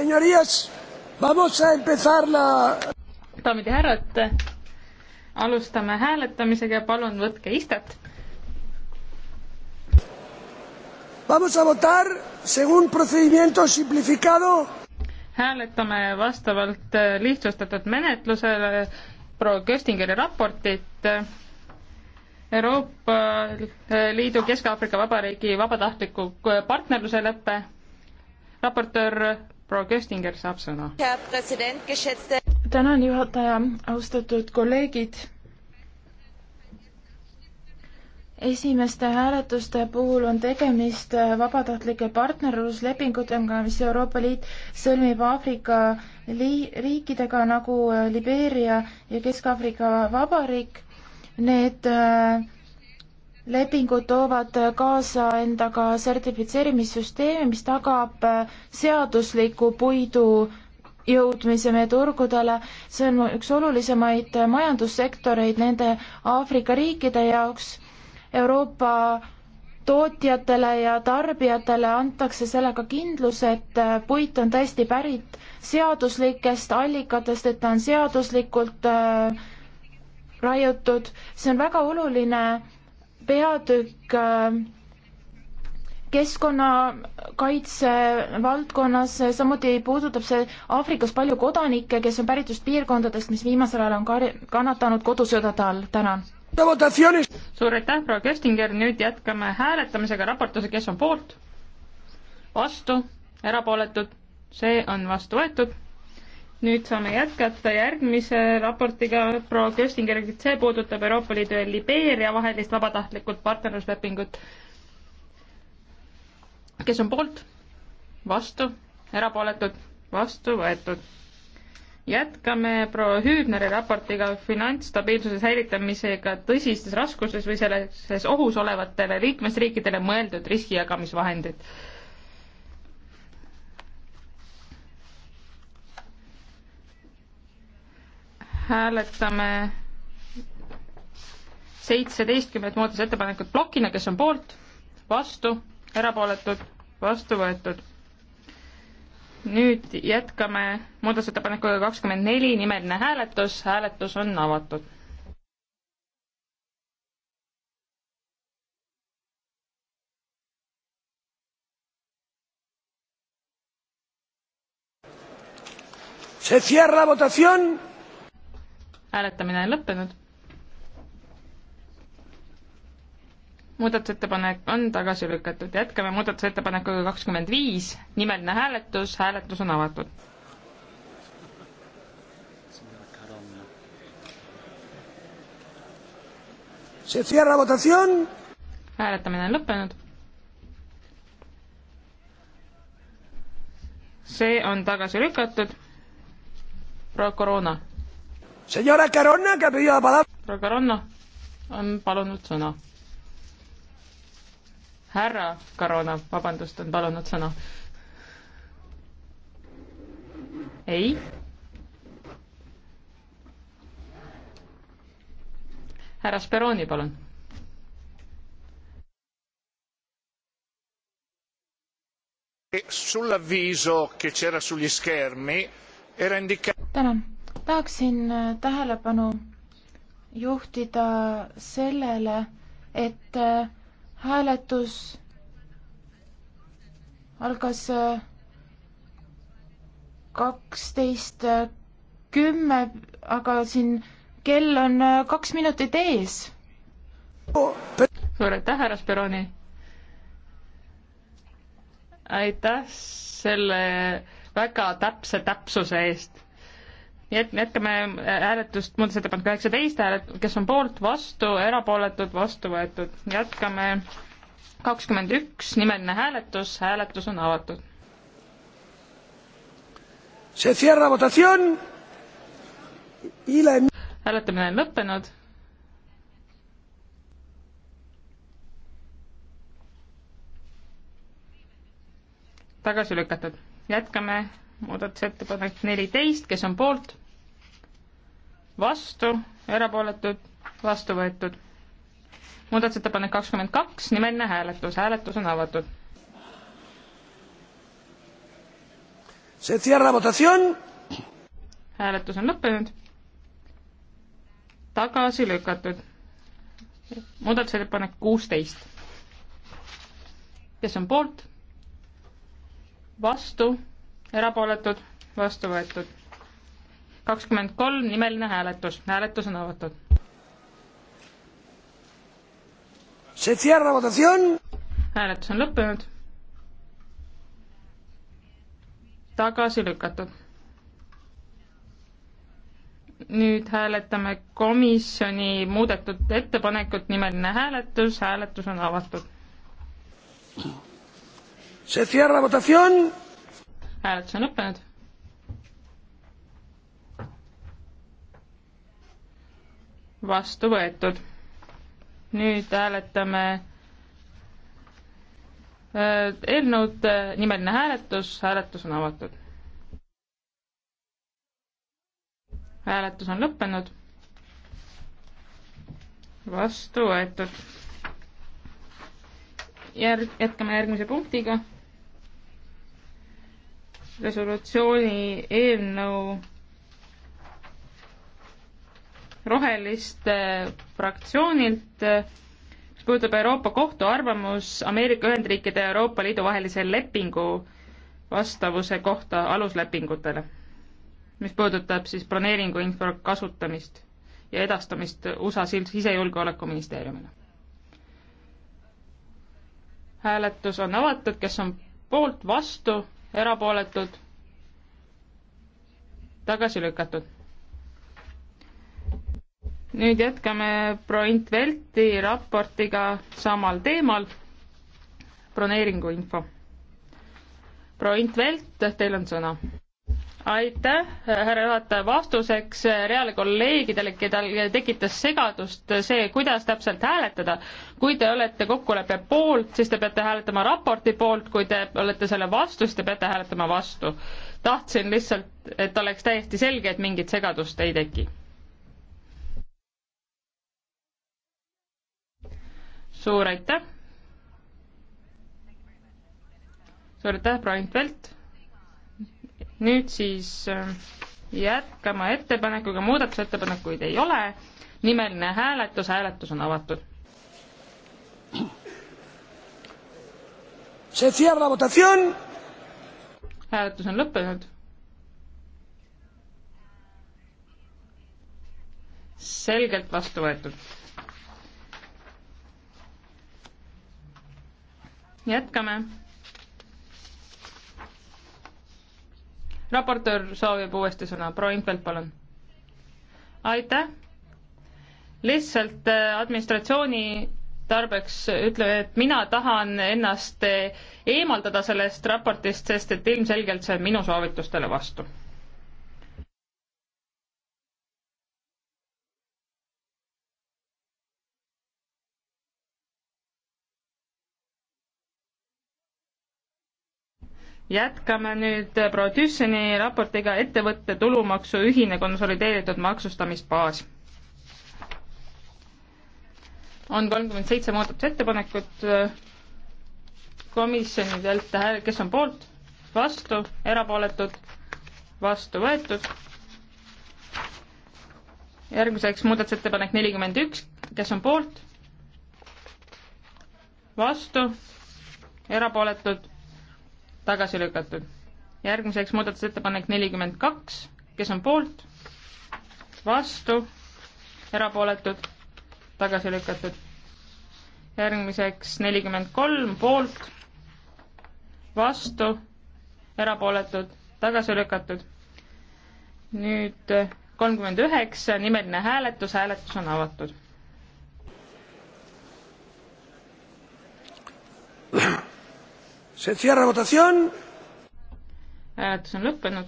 Señorías, vamos a empezar la... daamid ja härrad, alustame hääletamisega ja palun võtke istet. Vamos a votar según procedimiento simplificado. hääletame vastavalt äh, lihtsustatud menetlusele proua Köstingeri raportit Euroopa äh, Liidu Kesk-Aafrika Vabariigi vabatahtliku äh, partnerluse leppe raportöör proua Köstinger saab sõna. tänan, juhataja, austatud kolleegid. esimeste hääletuste puhul on tegemist äh, vabatahtlike partnerluslepingutega, mis Euroopa Liit sõlmib Aafrika riikidega nagu äh, Libeeria ja Kesk-Aafrika Vabariik. Need äh, lepingud toovad kaasa endaga sertifitseerimissüsteemi, mis tagab äh, seadusliku puidu jõudmise meie turgudele, see on üks olulisemaid äh, majandussektoreid nende Aafrika riikide jaoks. Euroopa tootjatele ja tarbijatele antakse sellega kindlus, et äh, puit on tõesti pärit seaduslikest allikatest, et ta on seaduslikult raiutud, see on väga oluline peatükk äh, keskkonnakaitse valdkonnas, samuti puudutab see Aafrikas palju kodanikke, kes on pärit just piirkondadest, mis viimasel ajal on kar-, kannatanud kodusõdade all, tänan. suur aitäh, proua Köstinger, nüüd jätkame hääletamisega raportuse, kes on poolt, vastu, erapooletud, see on vastu võetud nüüd saame jätkata järgmise raportiga, proua Köstingerilt, see puudutab Euroopa Liidu ja Libeeria vahelist vabatahtlikult partnerluslepingut. kes on poolt? vastu? erapooletud? vastu võetud. jätkame proua Hüübneri raportiga finantsstabiilsuse säilitamisega tõsistes raskustes või selles ohus olevatele liikmesriikidele mõeldud riskijagamisvahendid hääletame seitseteistkümnet muudatusettepanekut plokina, kes on poolt, vastu, erapooletud, vastu võetud. nüüd jätkame muudatusettepanekuga kakskümmend neli, nimeline hääletus, hääletus on avatud. Se cierra votación hääletamine on lõppenud. muudatusettepanek on tagasi lükatud, jätkame muudatusettepanekuga kakskümmend viis, nimeline hääletus, hääletus on avatud. hääletamine on lõppenud. see on tagasi lükatud. pro Corona Senora Caronna, que pidi la palabra. proua Caronna on palunud sõna. härra Caronna, vabandust, on palunud sõna. ei. härra Speroni, palun sull'avviso che c'era sugli schermi era indicato tahaksin äh, tähelepanu juhtida sellele, et äh, hääletus algas äh, kaksteist kümme, aga siin kell on kaks minutit ees. suur aitäh, härra Speroni! aitäh selle väga täpse täpsuse eest jät-, jätkame äh, hääletust muudatusettepanek kaheksateist, häälet-, kes on poolt, vastu, erapooletud, vastu võetud. jätkame kakskümmend üks, nimeline hääletus, hääletus on avatud. hääletamine on lõppenud tagasi lükatud. jätkame muudatusettepanek neliteist, kes on poolt? vastu, erapooletud, vastu võetud. muudatusettepanek kakskümmend kaks, nimeline hääletus, hääletus on avatud. hääletus on lõppenud. tagasi lükatud. muudatusettepanek kuusteist. kes on poolt? vastu, erapooletud, vastu võetud kakskümmend kolm, nimeline hääletus, hääletus on avatud. hääletus on lõppenud. tagasi lükatud. nüüd hääletame komisjoni muudetud ettepanekut, nimeline hääletus, hääletus on avatud. hääletus on lõppenud vastu võetud. nüüd hääletame äh, eelnõud, äh, nimeline hääletus, hääletus on avatud. hääletus on lõppenud. vastu võetud. järg, jätkame järgmise punktiga. resolutsiooni eelnõu Roheliste fraktsioonilt, mis puudutab Euroopa Kohtu arvamus Ameerika Ühendriikide ja Euroopa Liidu vahelise lepingu vastavuse kohta aluslepingutele, mis puudutab siis broneeringuinfo kasutamist ja edastamist USA sisejulgeolekuministeeriumile. hääletus on avatud, kes on poolt, vastu, erapooletud, tagasi lükatud nüüd jätkame Proint Velti raportiga samal teemal, broneeringu info. Proint Velt, teil on sõna. aitäh, härra juhataja, vastuseks heale kolleegidele, keda tekitas segadust see, kuidas täpselt hääletada. kui te olete kokkuleppe poolt, siis te peate hääletama raporti poolt, kui te olete selle vastu, siis te peate hääletama vastu. tahtsin lihtsalt, et oleks täiesti selge, et mingit segadust ei teki suur aitäh! suur aitäh, proua Intvelt! nüüd siis äh, jätkama ettepanekuga, muudatusettepanekuid ei ole, nimeline hääletus, hääletus on avatud. hääletus on lõppenud. selgelt vastu võetud jätkame. raportöör soovib uuesti sõna, proua Infeld, palun. aitäh. lihtsalt äh, administratsiooni tarbeks ütleme, et mina tahan ennast äh, eemaldada sellest raportist, sest et ilmselgelt see on minu soovitustele vastu jätkame nüüd proua Tüsseni raportiga ettevõtte tulumaksu ühine konsolideeritud maksustamisbaas. on kolmkümmend seitse muudatusettepanekut komisjonidelt, kes on poolt, vastu, erapooletud, vastu võetud. järgmiseks muudatusettepanek nelikümmend üks, kes on poolt, vastu, erapooletud tagasi lükatud. järgmiseks muudatusettepanek nelikümmend kaks, kes on poolt, vastu, erapooletud, tagasi lükatud. järgmiseks nelikümmend kolm, poolt, vastu, erapooletud, tagasi lükatud. nüüd kolmkümmend üheksa, nimeline hääletus, hääletus on avatud. hääletus on lõppenud.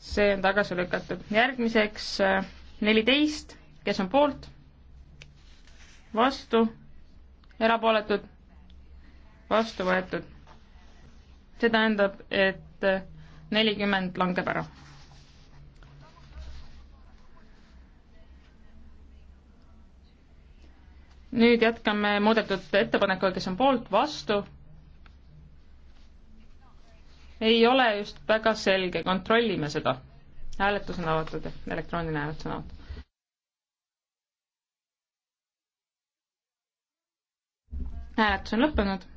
see on tagasi lükatud. järgmiseks äh, neliteist, kes on poolt? vastu? erapooletud? vastu võetud. see tähendab, et äh, nelikümmend langeb ära nüüd jätkame muudetud ettepanekuga, kes on poolt, vastu. ei ole just väga selge, kontrollime seda. hääletus on avatud, elektrooniline hääletus on avatud. hääletus on lõppenud.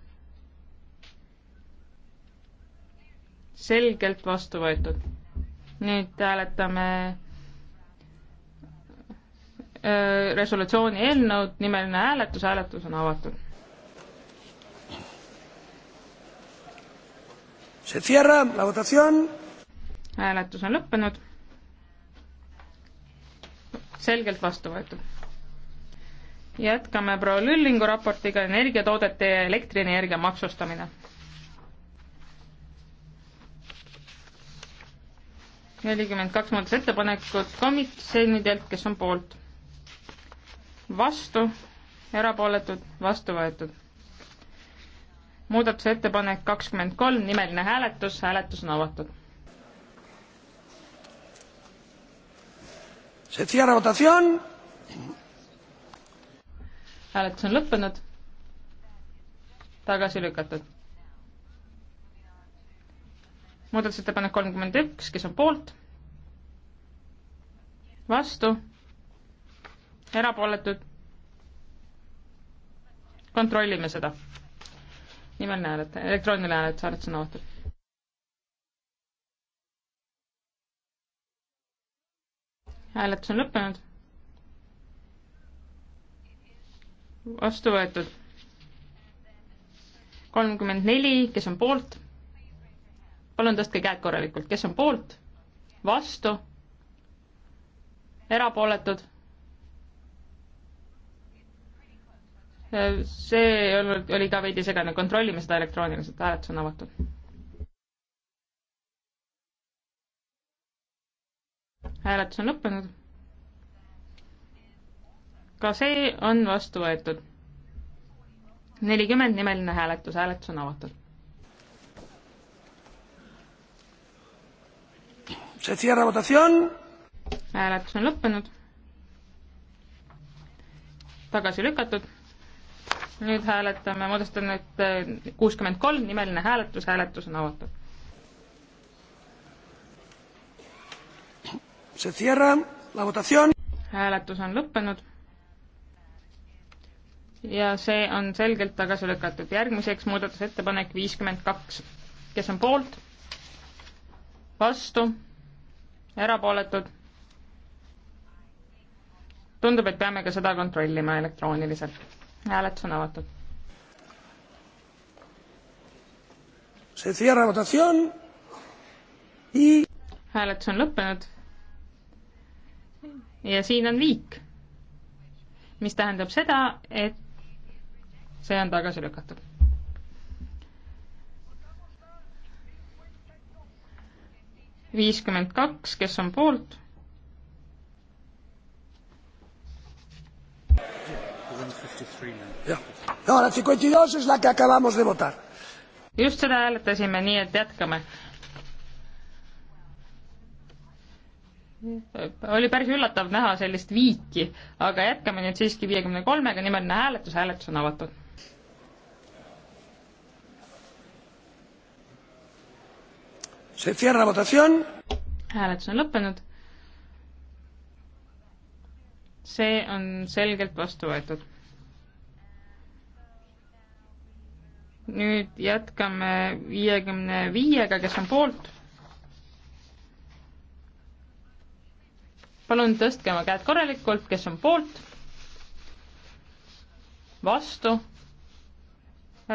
selgelt vastu võetud. nüüd hääletame Äh, resolutsiooni eelnõud, nimeline hääletus, hääletus on avatud. Se cierra la votación. hääletus on lõppenud. selgelt vastu võetud. jätkame proua Lüllingu raportiga energiatoodete ja elektrienergia maksustamine. nelikümmend kaks muudatusettepanekut komisjonidelt, kes on poolt vastu, erapooletud, vastu võetud. muudatusettepanek kakskümmend kolm, nimeline hääletus, hääletus on avatud. hääletus on lõppenud, tagasi lükatud. muudatusettepanek kolmkümmend üks, kes on poolt? vastu erapooletud. kontrollime seda. nimeline hääletamine, elektrooniline hääletus, hääletus on avatud. hääletus on lõppenud. vastu võetud. kolmkümmend neli, kes on poolt? palun tõstke käed korralikult, kes on poolt? vastu? erapooletud see oli ka veidi segane, kontrollime seda elektrooniliselt, hääletus on avatud. hääletus on lõppenud. ka see on vastu võetud. nelikümmend nimeline hääletus, hääletus on avatud. hääletus on lõppenud. tagasi lükatud nüüd hääletame, moodustan nüüd äh, kuuskümmend kolm, nimeline hääletus, hääletus on avatud. Se cierra la votación. hääletus on lõppenud. ja see on selgelt tagasi lükatud. järgmiseks muudatusettepanek viiskümmend kaks. kes on poolt? vastu? erapooletud? tundub, et peame ka seda kontrollima elektrooniliselt hääletus on avatud. hääletus on lõppenud. ja siin on viik, mis tähendab seda, et see on tagasi lükatud. viiskümmend kaks, kes on poolt? no la cincuenta y dos es la que acabamos de votar. just seda hääletasime, nii et jätkame. oli päris üllatav näha sellist viiki, aga jätkame nüüd siiski viiekümne kolmega, nimeline hääletus, hääletus on avatud. Se cierra votación. hääletus on lõppenud. see on selgelt vastu võetud nüüd jätkame viiekümne viiega, kes on poolt. palun tõstke oma käed korralikult, kes on poolt, vastu,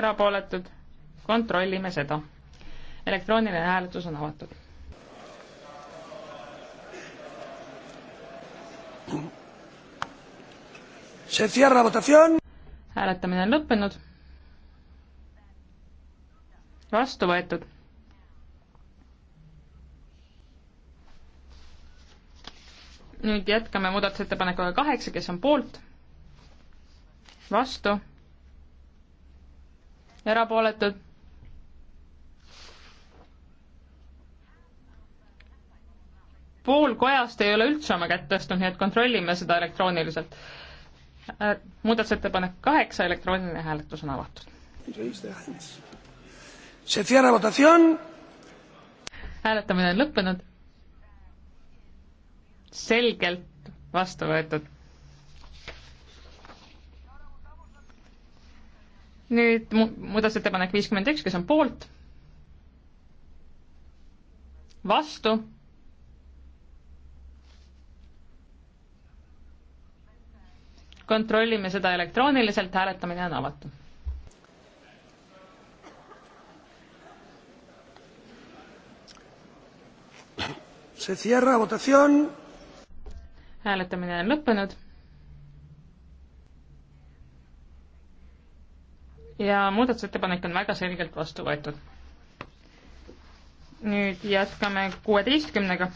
erapooletud, kontrollime seda. elektrooniline hääletus on avatud. hääletamine on lõppenud vastu võetud. nüüd jätkame muudatusettepanekuga kaheksa, kes on poolt, vastu, erapooletud pool kojast ei ole üldse oma kätt tõstnud, nii et kontrollime seda elektrooniliselt. Äh, muudatusettepanek kaheksa, elektrooniline hääletus on avatud hääletamine on lõppenud. selgelt vastu võetud. nüüd muudatusettepanek viiskümmend üks, kes on poolt? vastu? kontrollime seda elektrooniliselt, hääletamine on avatud. hääletamine on lõppenud. ja muudatusettepanek on väga selgelt vastu võetud. nüüd jätkame kuueteistkümnega.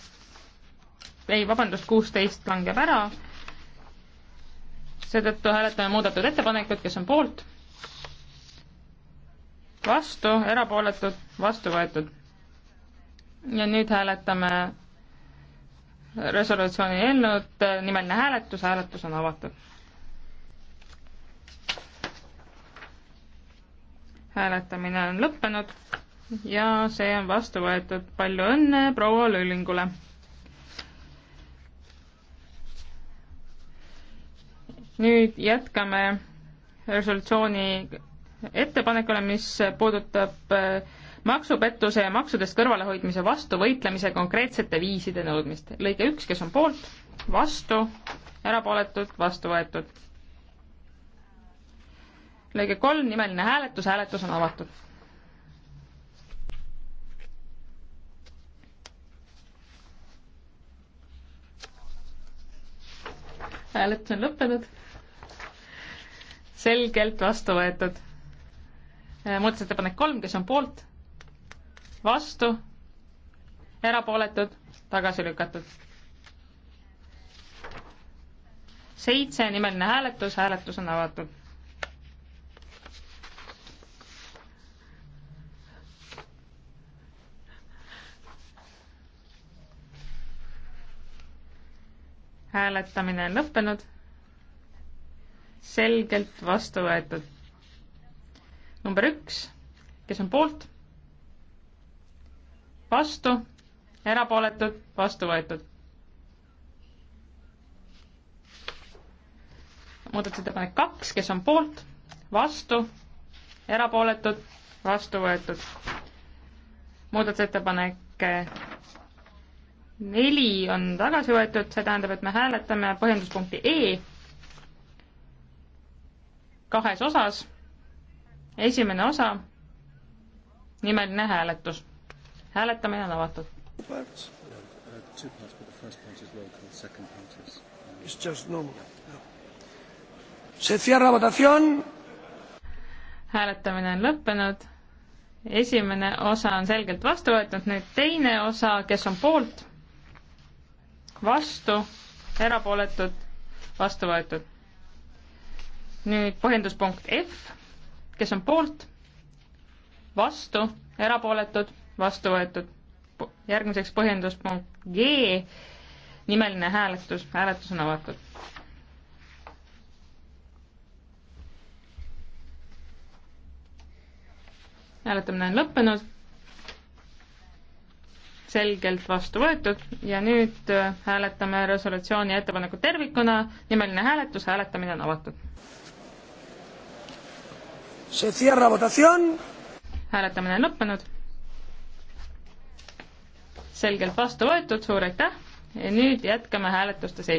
ei, vabandust, kuusteist langeb ära. seetõttu hääletame muudetud ettepanekut, kes on poolt, vastu, erapooletud, vastu võetud. ja nüüd hääletame resolutsiooni eelnõud, nimeline hääletus, hääletus on avatud. hääletamine on lõppenud ja see on vastu võetud. palju õnne proua Lüllingule! nüüd jätkame resolutsiooni ettepanekule, mis puudutab äh, maksupettuse ja maksudest kõrvalehoidmise vastu võitlemise konkreetsete viiside nõudmist. lõige üks, kes on poolt, vastu, erapooletud, vastu võetud. lõige kolm, nimeline hääletus, hääletus on avatud. hääletus on lõppenud. selgelt vastu võetud. muudatusettepanek kolm, kes on poolt vastu, erapooletud, tagasi lükatud. seitse nimeline hääletus, hääletus on avatud. hääletamine on lõppenud, selgelt vastu võetud. number üks, kes on poolt vastu, erapooletud, vastu võetud. muudatusettepanek kaks, kes on poolt, vastu, erapooletud, vastu võetud. muudatusettepanek eh, neli on tagasi võetud, see tähendab, et me hääletame põhjenduspunkti E kahes osas. esimene osa, nimeline hääletus hääletamine on avatud. hääletamine on lõppenud. esimene osa on selgelt vastu võetud, nüüd teine osa, kes on poolt, vastu, erapooletud, vastu võetud. nüüd põhjenduspunkt F, kes on poolt, vastu, erapooletud vastu võetud. järgmiseks põhjenduspunkt G, nimeline hääletus, hääletus on avatud. hääletamine on lõppenud, selgelt vastu võetud ja nüüd äh, hääletame resolutsiooni ettepaneku tervikuna, nimeline hääletus, hääletamine on avatud. hääletamine on lõppenud selgelt vastu võetud, suur aitäh! nüüd jätkame hääletuste selgitamisega.